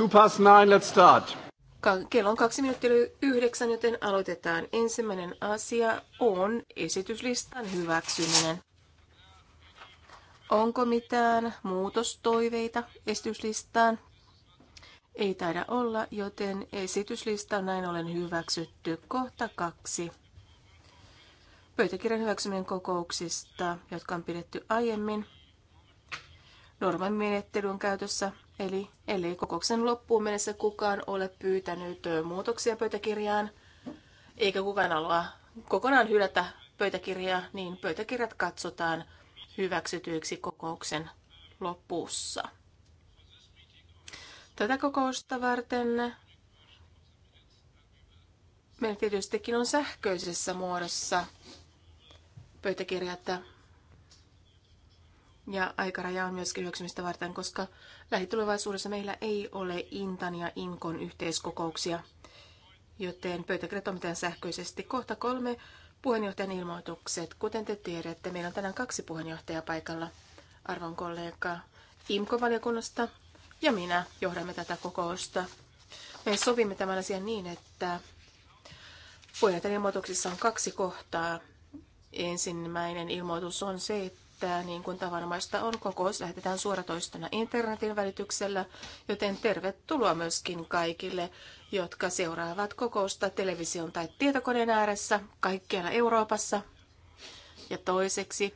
Two past nine, let's start. Kello on kaksi minuuttia yhdeksän, joten aloitetaan. Ensimmäinen asia on esityslistan hyväksyminen. Onko mitään muutostoiveita esityslistaan? Ei taida olla, joten esityslista on näin ollen hyväksytty. Kohta kaksi. Pöytäkirjan hyväksyminen kokouksista, jotka on pidetty aiemmin. Normaalimenettely on käytössä Eli ellei kokouksen loppuun mennessä kukaan ole pyytänyt muutoksia pöytäkirjaan, eikä kukaan halua kokonaan hylätä pöytäkirjaa, niin pöytäkirjat katsotaan hyväksytyiksi kokouksen lopussa. Tätä kokousta varten meillä tietystikin on sähköisessä muodossa pöytäkirjat ja aikaraja on myöskin hyväksymistä varten, koska lähitulevaisuudessa meillä ei ole Intan ja Inkon yhteiskokouksia, joten pöytäkirjat omitaan sähköisesti. Kohta kolme puheenjohtajan ilmoitukset. Kuten te tiedätte, meillä on tänään kaksi puheenjohtajaa paikalla. Arvon kollega IMKO-valiokunnasta ja minä johdamme tätä kokousta. Me sovimme tämän asian niin, että puheenjohtajan ilmoituksissa on kaksi kohtaa. Ensimmäinen ilmoitus on se, että että niin kuin tavanomaista on, kokous lähetetään suoratoistona internetin välityksellä, joten tervetuloa myöskin kaikille, jotka seuraavat kokousta television tai tietokoneen ääressä kaikkialla Euroopassa. Ja toiseksi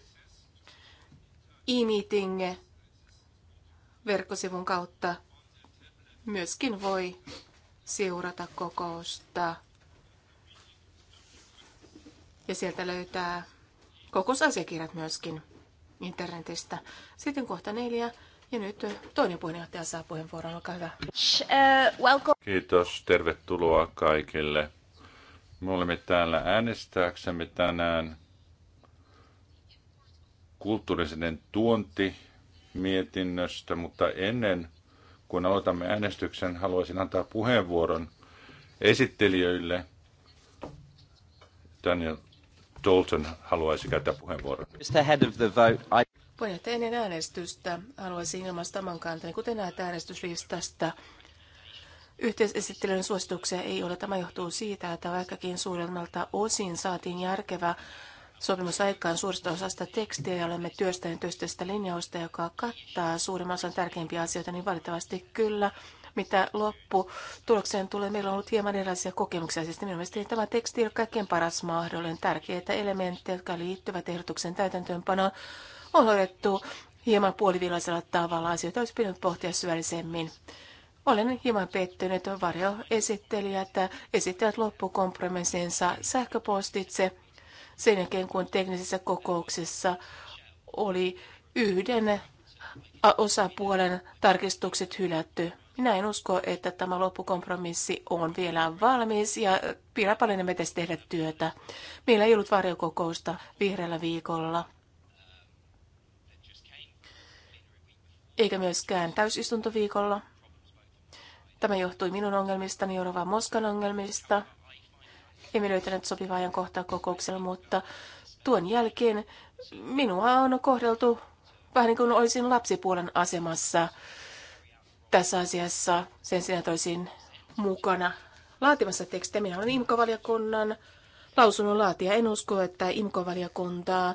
e-meeting verkkosivun kautta myöskin voi seurata kokousta ja sieltä löytää kokousasiakirjat myöskin internetistä. Sitten kohta neljä. Ja nyt toinen puheenjohtaja saa puheenvuoron. Olkaa hyvä. Äh, Kiitos. Tervetuloa kaikille. Me olemme täällä äänestääksemme tänään kulttuurisen tuonti mietinnöstä, mutta ennen kuin aloitamme äänestyksen, haluaisin antaa puheenvuoron esittelijöille Daniel Dalton haluaisi käyttää puheenvuoron. Puheenjohtaja ennen äänestystä haluaisin ilmaista oman kantani, kuten näet äänestyslistasta. Yhteisesittelyn suosituksia ei ole. Tämä johtuu siitä, että vaikkakin suuremmalta osin saatiin järkevä sopimus aikaan suurista osasta tekstiä ja olemme työstäneet yhteistä linjausta, joka kattaa suurimman osan tärkeimpiä asioita, niin valitettavasti kyllä mitä lopputulokseen tulee, meillä on ollut hieman erilaisia kokemuksia. Siis minun mielestäni tämä teksti on kaikkein paras mahdollinen. Tärkeitä elementtejä, jotka liittyvät ehdotuksen täytäntöönpanoon, on hoidettu hieman puolivillaisella tavalla. Asioita olisi pitänyt pohtia syvällisemmin. Olen hieman pettynyt varjoesittelijät esittävät loppukompromissinsa sähköpostitse sen jälkeen, kun teknisessä kokouksessa oli yhden osapuolen tarkistukset hylätty. Minä en usko, että tämä loppukompromissi on vielä valmis ja vielä paljon me tässä tehdä työtä. Meillä ei ollut varjokokousta vihreällä viikolla. Eikä myöskään täysistuntoviikolla. Tämä johtui minun ongelmistani, Jorova Moskan ongelmista. Emme löytäneet sopivaa ajankohtaa kokouksella, mutta tuon jälkeen minua on kohdeltu vähän niin kuin olisin lapsipuolen asemassa tässä asiassa sen sijaan toisin mukana laatimassa tekstiä. Minä olen imkovaliokunnan lausunnon laatija. En usko, että imkovaliokuntaa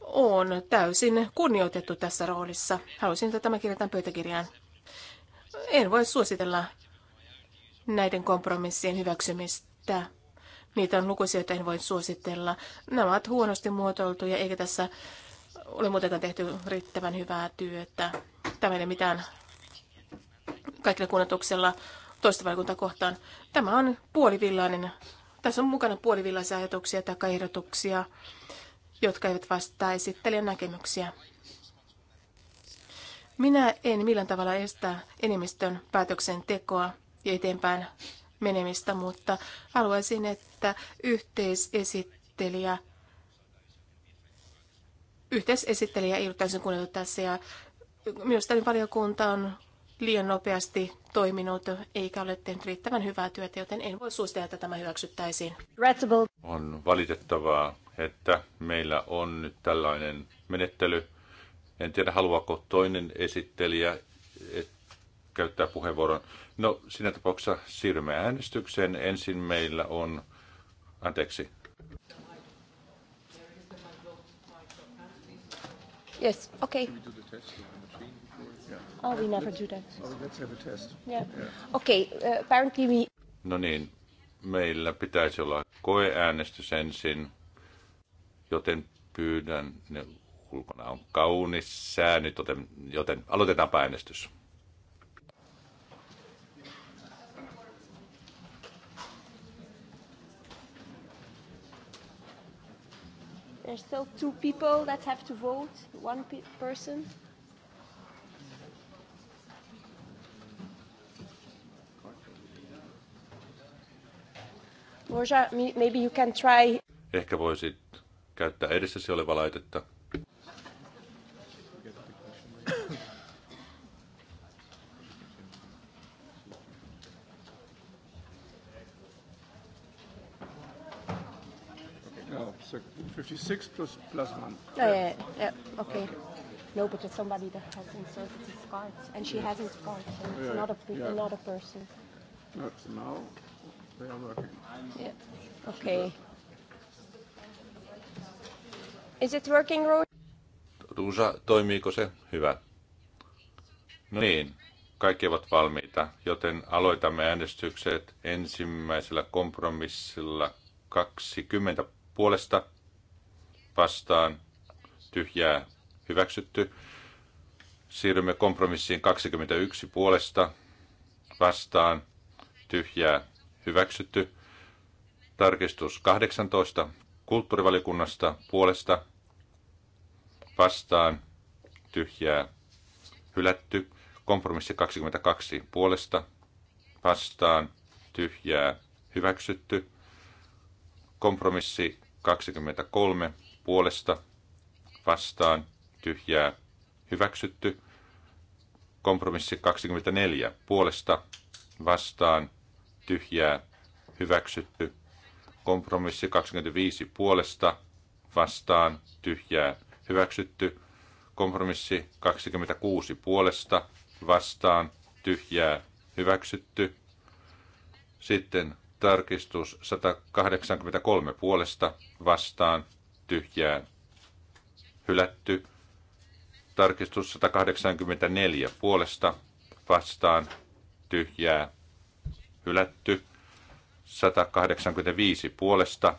on täysin kunnioitettu tässä roolissa. Haluaisin, että tämä kirjataan pöytäkirjaan. En voi suositella näiden kompromissien hyväksymistä. Niitä on lukuisia, joita en voi suositella. Nämä ovat huonosti muotoiltuja, eikä tässä ole muutenkaan tehty riittävän hyvää työtä. Tämä ei ole mitään kaikilla kunnatuksella toista valiokuntaa kohtaan. Tämä on puolivillainen. Tässä on mukana puolivillaisia ajatuksia tai ehdotuksia, jotka eivät vastaa esittelijän näkemyksiä. Minä en millään tavalla estä enemmistön päätöksentekoa ja eteenpäin menemistä, mutta haluaisin, että yhteisesittelijä, yhteisesittelijä ei ollut täysin kuunneltu tässä ja myös tämän valiokunta on liian nopeasti toiminut eikä ole tehnyt riittävän hyvää työtä, joten en voi suositella, että tämä hyväksyttäisiin. On valitettavaa, että meillä on nyt tällainen menettely. En tiedä, haluaako toinen esittelijä käyttää puheenvuoron. No, siinä tapauksessa siirrymme äänestykseen. Ensin meillä on, anteeksi. Yes, okay. Oh, we never do that. Oh, let's have a test. Yeah. yeah. Okay, uh, apparently we... No niin, meillä pitäisi olla koeäänestys ensin, joten pyydän, ne ulkona on kaunis sää nyt, joten, joten aloitetaan äänestys. There's still two people that have to vote, one person. Borja, maybe you can try. Ehkä voisit käyttää edessäsi olevaa laitetta. Oh, so 56 plus plus one. Oh, yeah, yeah, okay. No, because somebody that has inserted his cards, and she hasn't cards, so it's yeah, not a yeah. not a person. Not now. Yeah. Okay. Is it working, Ruusa, toimiiko se? Hyvä. No niin, kaikki ovat valmiita, joten aloitamme äänestykset ensimmäisellä kompromissilla 20 puolesta vastaan tyhjää hyväksytty. Siirrymme kompromissiin 21 puolesta vastaan tyhjää hyväksytty. Tarkistus 18 kulttuurivaliokunnasta puolesta vastaan tyhjää hylätty. Kompromissi 22 puolesta vastaan tyhjää hyväksytty. Kompromissi 23 puolesta vastaan tyhjää hyväksytty. Kompromissi 24 puolesta vastaan tyhjää hyväksytty. Kompromissi 25 puolesta vastaan tyhjää hyväksytty. Kompromissi 26 puolesta vastaan tyhjää hyväksytty. Sitten tarkistus 183 puolesta vastaan tyhjää hylätty. Tarkistus 184 puolesta vastaan tyhjää hylätty. 185 puolesta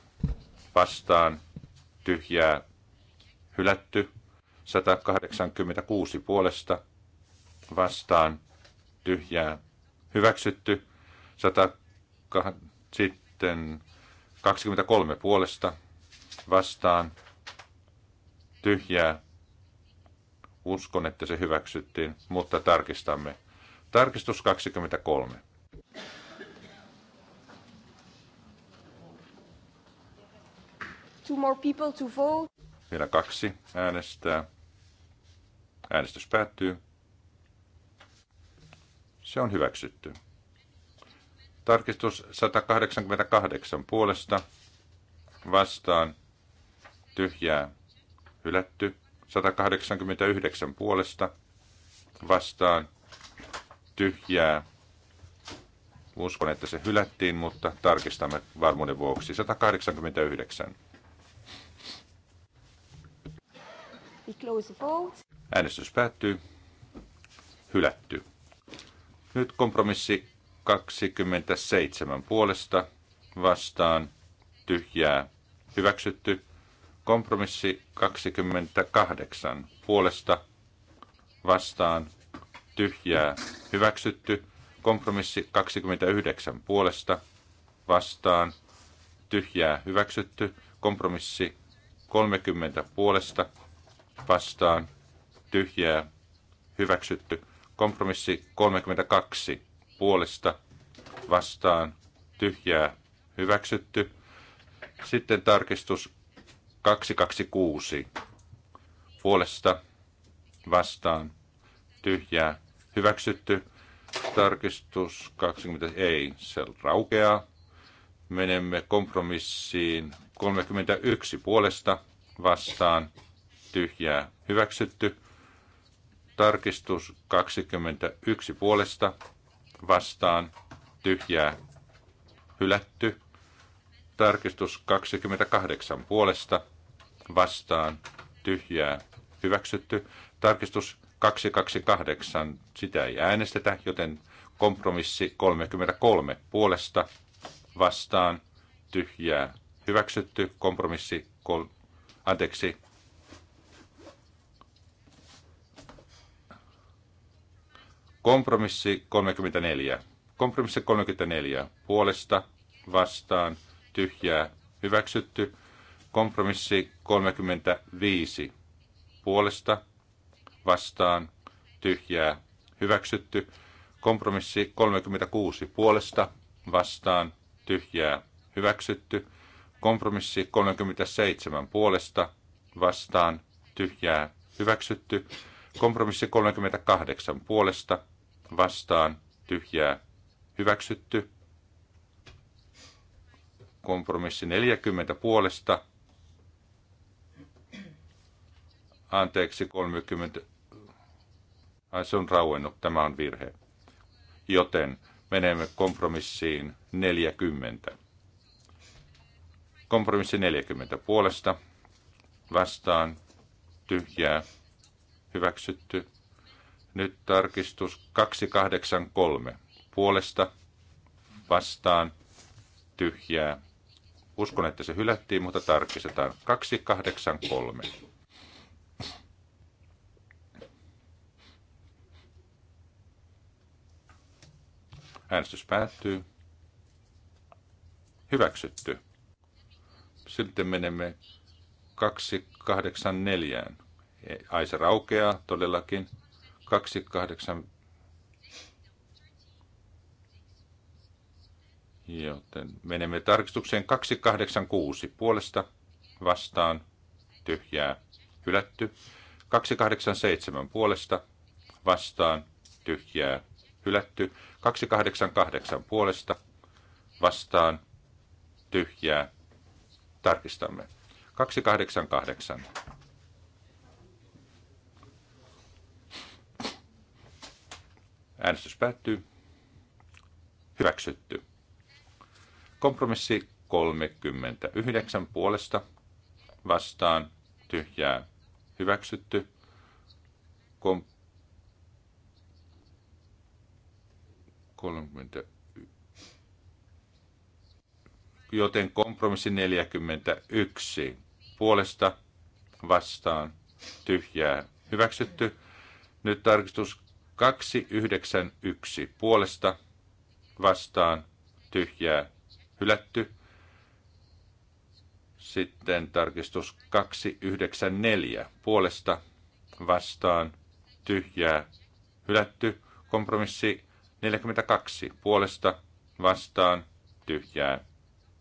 vastaan tyhjää hylätty. 186 puolesta vastaan tyhjää hyväksytty. 100, sitten 23 puolesta vastaan tyhjää. Uskon, että se hyväksyttiin, mutta tarkistamme. Tarkistus 23. Two more people to vote. Vielä kaksi äänestää. Äänestys päättyy. Se on hyväksytty. Tarkistus 188 puolesta vastaan tyhjää hylätty. 189 puolesta vastaan tyhjää. Uskon, että se hylättiin, mutta tarkistamme varmuuden vuoksi. 189. We close the vote. Äänestys päättyy. Hylätty. Nyt kompromissi 27 puolesta vastaan tyhjää hyväksytty. Kompromissi 28 puolesta vastaan tyhjää hyväksytty. Kompromissi 29 puolesta vastaan tyhjää hyväksytty. Kompromissi 30 puolesta vastaan tyhjää hyväksytty. Kompromissi 32 puolesta vastaan tyhjää hyväksytty. Sitten tarkistus 226 puolesta vastaan tyhjää hyväksytty. Tarkistus 20 ei, se raukeaa. Menemme kompromissiin 31 puolesta vastaan tyhjää hyväksytty. Tarkistus 21 puolesta vastaan tyhjää hylätty. Tarkistus 28 puolesta vastaan tyhjää hyväksytty. Tarkistus 228, sitä ei äänestetä, joten kompromissi 33 puolesta vastaan tyhjää hyväksytty. Kompromissi, kol, anteeksi, Kompromissi 34. Kompromissi 34. Puolesta, vastaan, tyhjää, hyväksytty. Kompromissi 35. Puolesta, vastaan, tyhjää, hyväksytty. Kompromissi 36. Puolesta, vastaan, tyhjää, hyväksytty. Kompromissi 37. Puolesta, vastaan, tyhjää, hyväksytty. Kompromissi 38. Puolesta, vastaan tyhjää hyväksytty. Kompromissi 40 puolesta. Anteeksi 30. Ai, se on rauennut, tämä on virhe. Joten menemme kompromissiin 40. Kompromissi 40 puolesta vastaan tyhjää hyväksytty nyt tarkistus 283. Puolesta vastaan tyhjää. Uskon, että se hylättiin, mutta tarkistetaan. 283. Äänestys päättyy. Hyväksytty. Sitten menemme 284. Ai se raukeaa todellakin kahdeksan, Joten menemme tarkistukseen 286 puolesta vastaan tyhjää hylätty. 287 puolesta vastaan tyhjää hylätty. 288 puolesta vastaan tyhjää tarkistamme. 288. Äänestys päättyy. Hyväksytty. Kompromissi 39 puolesta vastaan tyhjää hyväksytty. Kom- 30. Joten kompromissi 41 puolesta vastaan tyhjää hyväksytty. Nyt tarkistus 291 puolesta vastaan tyhjää hylätty. Sitten tarkistus 294 puolesta vastaan tyhjää hylätty. Kompromissi 42 puolesta vastaan tyhjää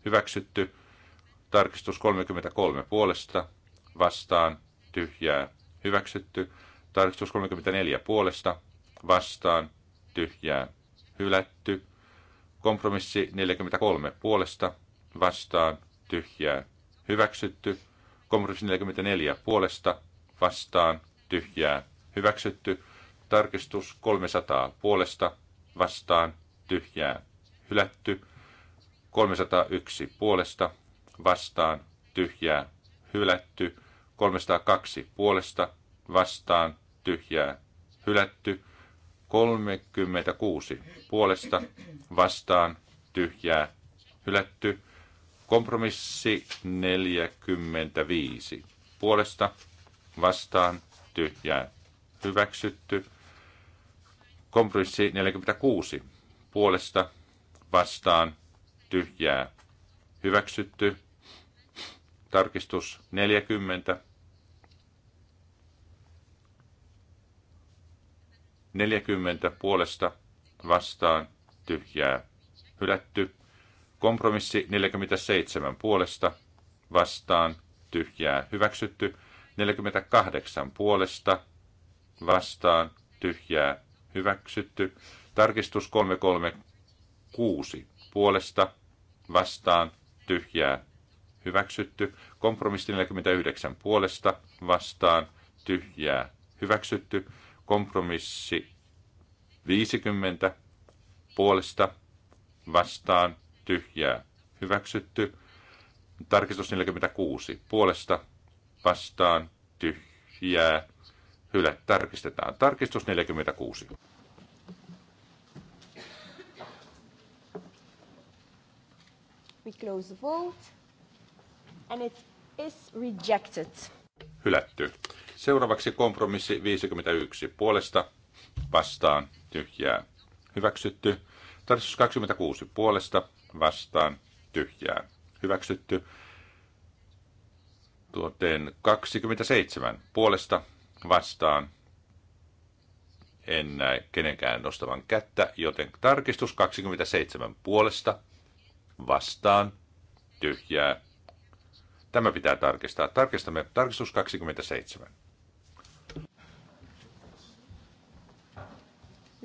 hyväksytty. Tarkistus 33 puolesta vastaan tyhjää hyväksytty. Tarkistus 34 puolesta vastaan, tyhjää, hylätty. Kompromissi 43 puolesta, vastaan, tyhjää, hyväksytty. Kompromissi 44 puolesta, vastaan, tyhjää, hyväksytty. Tarkistus 300 puolesta, vastaan, tyhjää, hylätty. 301 puolesta, vastaan, tyhjää, hylätty. 302 puolesta, vastaan, tyhjää, hylätty. 36 puolesta vastaan tyhjää hylätty. Kompromissi 45 puolesta vastaan tyhjää hyväksytty. Kompromissi 46 puolesta vastaan tyhjää hyväksytty. Tarkistus 40 40 puolesta vastaan tyhjää hylätty. Kompromissi 47 puolesta vastaan tyhjää hyväksytty. 48 puolesta vastaan tyhjää hyväksytty. Tarkistus 336 puolesta vastaan tyhjää hyväksytty. Kompromissi 49 puolesta vastaan tyhjää hyväksytty. Kompromissi 50 puolesta vastaan tyhjää hyväksytty. Tarkistus 46 puolesta vastaan tyhjää hylä tarkistetaan. Tarkistus 46. We close the vote and it is rejected. Hylätty. Seuraavaksi kompromissi 51. Puolesta vastaan tyhjää. Hyväksytty. Tarkistus 26. Puolesta vastaan tyhjää. Hyväksytty. Tuoteen 27. Puolesta vastaan en näe kenenkään nostavan kättä, joten tarkistus 27 puolesta vastaan tyhjää. Tämä pitää tarkistaa. Tarkistamme tarkistus 27.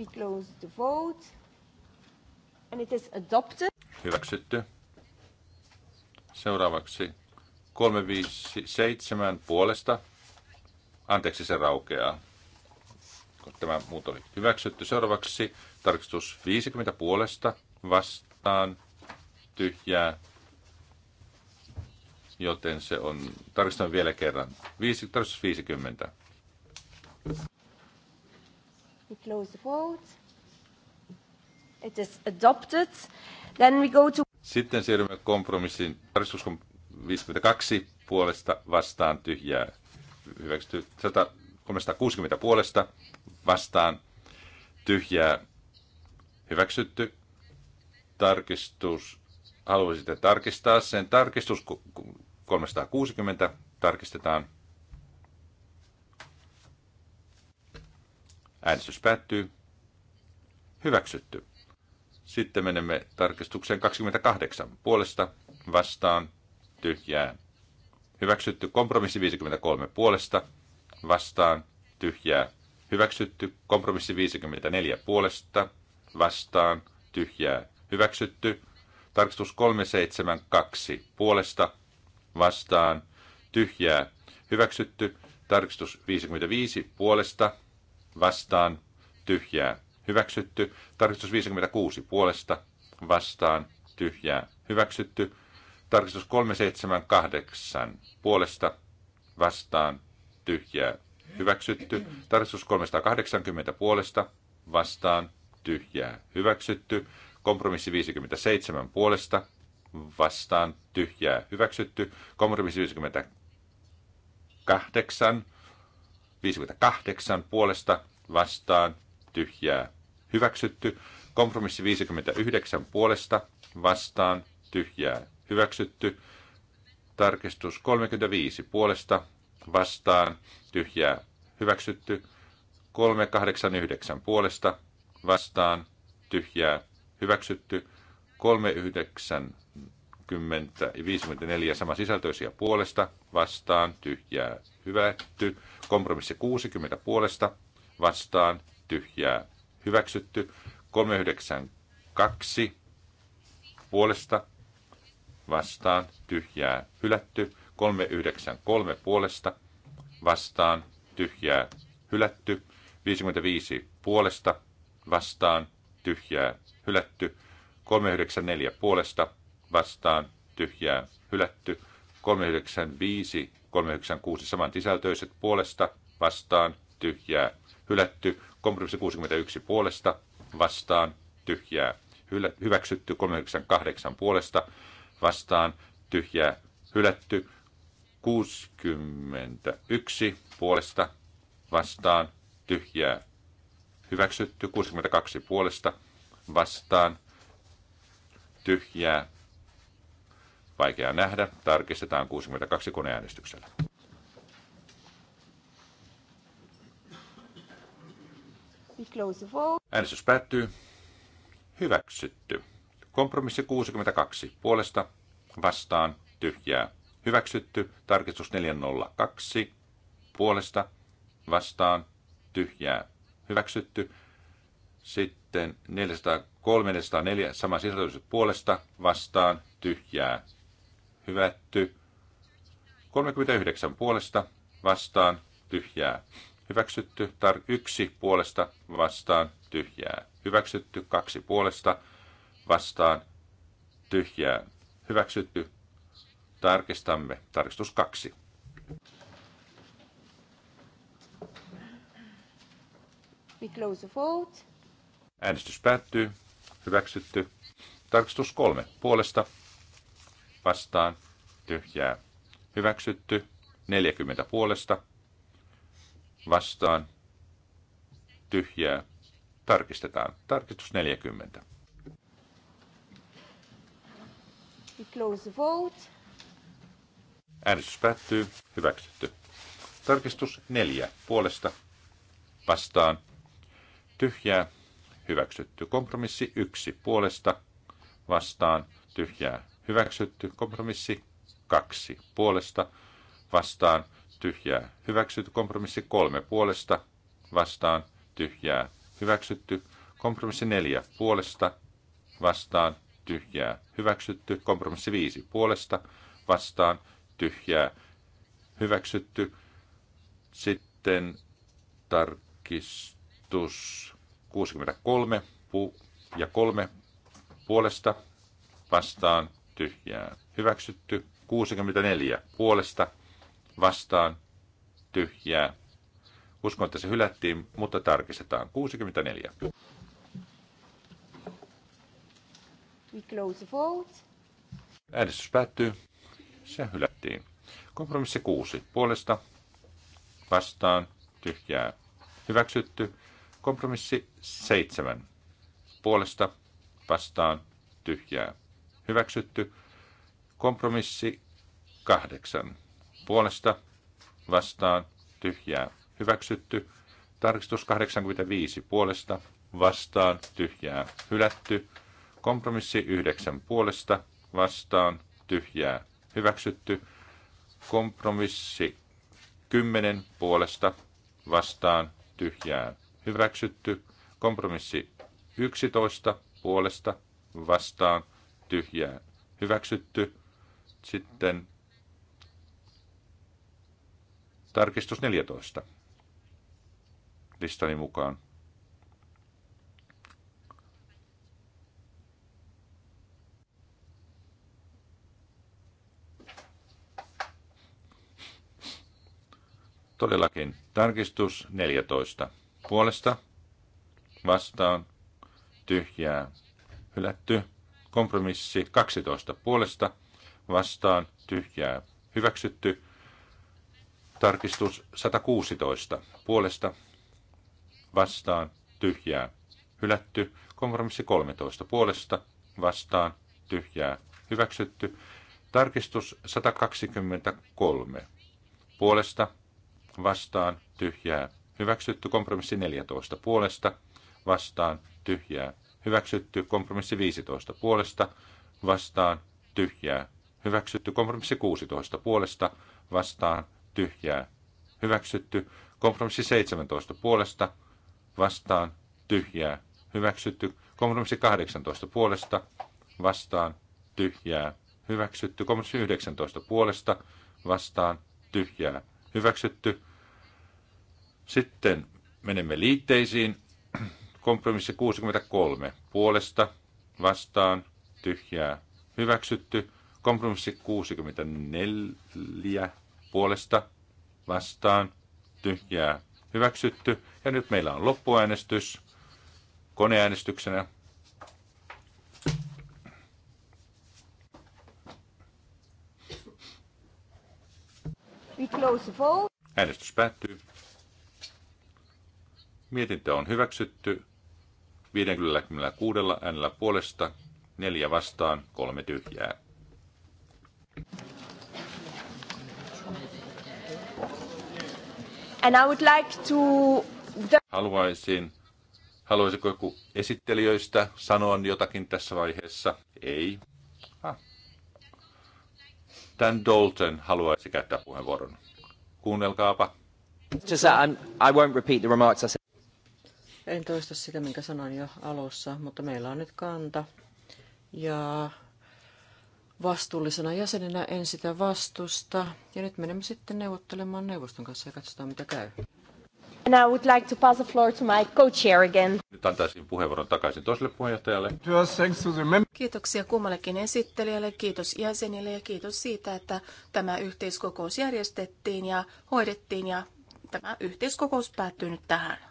We close the vote. And it is adopted. Hyväksytty. Seuraavaksi 357 puolesta. Anteeksi, se raukeaa. Tämä muut oli hyväksytty. Seuraavaksi tarkistus 50 puolesta vastaan tyhjää, joten se on, tarkistamme vielä kerran, 5, tarkistus 50. We close the vote. It is adopted. Then we go to... Sitten siirrymme kompromissiin. Tarkistus 52 puolesta vastaan tyhjää. Hyväksytty 360 puolesta vastaan tyhjää. Hyväksytty tarkistus. Haluaisitte tarkistaa sen. Tarkistus 360 tarkistetaan. Äänestys päättyy. Hyväksytty. Sitten menemme tarkistukseen 28. Puolesta vastaan tyhjää. Hyväksytty kompromissi 53 puolesta vastaan tyhjää. Hyväksytty kompromissi 54 puolesta vastaan tyhjää. Hyväksytty tarkistus 372 puolesta vastaan tyhjää. Hyväksytty tarkistus 55 puolesta vastaan, tyhjää, hyväksytty. Tarkistus 56 puolesta, vastaan, tyhjää, hyväksytty. Tarkistus 378 puolesta, vastaan, tyhjää, hyväksytty. Tarkistus 380 puolesta, vastaan, tyhjää, hyväksytty. Kompromissi 57 puolesta, vastaan, tyhjää, hyväksytty. Kompromissi 58 58 puolesta vastaan tyhjää hyväksytty. Kompromissi 59 puolesta vastaan tyhjää hyväksytty. Tarkistus 35 puolesta vastaan tyhjää hyväksytty. 389 puolesta vastaan tyhjää hyväksytty. 39 40 ja 54 samansisältöisiä puolesta, vastaan, tyhjää, hyvätty. Kompromissi 60 puolesta, vastaan, tyhjää, hyväksytty. 392 puolesta, vastaan, tyhjää, hylätty. 393 puolesta, vastaan, tyhjää, hylätty. 55 puolesta, vastaan, tyhjää, hylätty. 394 puolesta, vastaan tyhjää hylätty. 395, 396 sisältöiset puolesta vastaan tyhjää hylätty. Kompromissi 61 puolesta vastaan tyhjää hylä, hyväksytty. 398 puolesta vastaan tyhjää hylätty. 61 puolesta vastaan tyhjää hyväksytty. 62 puolesta vastaan tyhjää Vaikea nähdä. Tarkistetaan 62 koneäänestyksellä. Äänestys päättyy. Hyväksytty. Kompromissi 62. Puolesta vastaan tyhjää. Hyväksytty. Tarkistus 402. Puolesta vastaan tyhjää. Hyväksytty. Sitten 403, 404 sama sisältöiset puolesta vastaan tyhjää hyvätty. 39 puolesta vastaan tyhjää. Hyväksytty tar yksi puolesta vastaan tyhjää. Hyväksytty kaksi puolesta vastaan tyhjää. Hyväksytty. Tarkistamme. Tarkistus kaksi. We close the vote. Äänestys päättyy. Hyväksytty. Tarkistus kolme puolesta vastaan, tyhjää, hyväksytty. 40 puolesta, vastaan, tyhjää, tarkistetaan. Tarkistus 40. We close vote. Äänestys päättyy. Hyväksytty. Tarkistus 4. Puolesta vastaan. Tyhjää. Hyväksytty. Kompromissi 1. Puolesta vastaan. Tyhjää hyväksytty. Kompromissi kaksi puolesta vastaan tyhjää hyväksytty. Kompromissi kolme puolesta vastaan tyhjää hyväksytty. Kompromissi neljä puolesta vastaan tyhjää hyväksytty. Kompromissi viisi puolesta vastaan tyhjää hyväksytty. Sitten tarkistus 63 ja 3 puolesta vastaan tyhjää. Hyväksytty 64 puolesta vastaan tyhjää. Uskon, että se hylättiin, mutta tarkistetaan. 64. We close the vote. Äänestys päättyy. Se hylättiin. Kompromissi 6. Puolesta vastaan tyhjää. Hyväksytty. Kompromissi 7. Puolesta vastaan tyhjää hyväksytty. Kompromissi kahdeksan puolesta vastaan tyhjää hyväksytty. Tarkistus 85 puolesta vastaan tyhjää hylätty. Kompromissi yhdeksän puolesta vastaan tyhjää hyväksytty. Kompromissi 10 puolesta vastaan tyhjää hyväksytty. Kompromissi 11 puolesta vastaan tyhjää hyväksytty. Sitten tarkistus 14 listani mukaan. Todellakin. Tarkistus 14. Puolesta vastaan tyhjää hylätty. Kompromissi 12 puolesta vastaan tyhjää hyväksytty. Tarkistus 116 puolesta vastaan tyhjää hylätty. Kompromissi 13 puolesta vastaan tyhjää hyväksytty. Tarkistus 123 puolesta vastaan tyhjää hyväksytty. Kompromissi 14 puolesta vastaan tyhjää hyväksytty. Kompromissi 15 puolesta vastaan tyhjää, hyväksytty. Kompromissi 16 puolesta vastaan tyhjää, hyväksytty. Kompromissi 17 puolesta vastaan tyhjää, hyväksytty. Kompromissi 18 puolesta vastaan tyhjää, hyväksytty. Kompromissi 19 puolesta vastaan tyhjää, hyväksytty. Sitten menemme liitteisiin. Kompromissi 63. Puolesta, vastaan, tyhjää, hyväksytty. Kompromissi 64. Puolesta, vastaan, tyhjää, hyväksytty. Ja nyt meillä on loppuäänestys koneäänestyksenä. We close the poll. Äänestys päättyy. Mietintö on hyväksytty 56 äänellä puolesta, neljä vastaan, kolme tyhjää. And I would like to... Haluaisin, haluaisiko joku esittelijöistä sanoa jotakin tässä vaiheessa? Ei. Ah. Dan Dalton haluaisi käyttää puheenvuoron. Kuunnelkaapa. Just uh, I won't repeat the remarks I said. En toista sitä, minkä sanoin jo alussa, mutta meillä on nyt kanta. Ja vastuullisena jäsenenä en sitä vastusta. Ja nyt menemme sitten neuvottelemaan neuvoston kanssa ja katsotaan, mitä käy. I would like to pass the floor to my co-chair again. Nyt antaisin puheenvuoron takaisin toiselle puheenjohtajalle. Kiitoksia kummallekin esittelijälle, kiitos jäsenille ja kiitos siitä, että tämä yhteiskokous järjestettiin ja hoidettiin ja tämä yhteiskokous päättyy nyt tähän.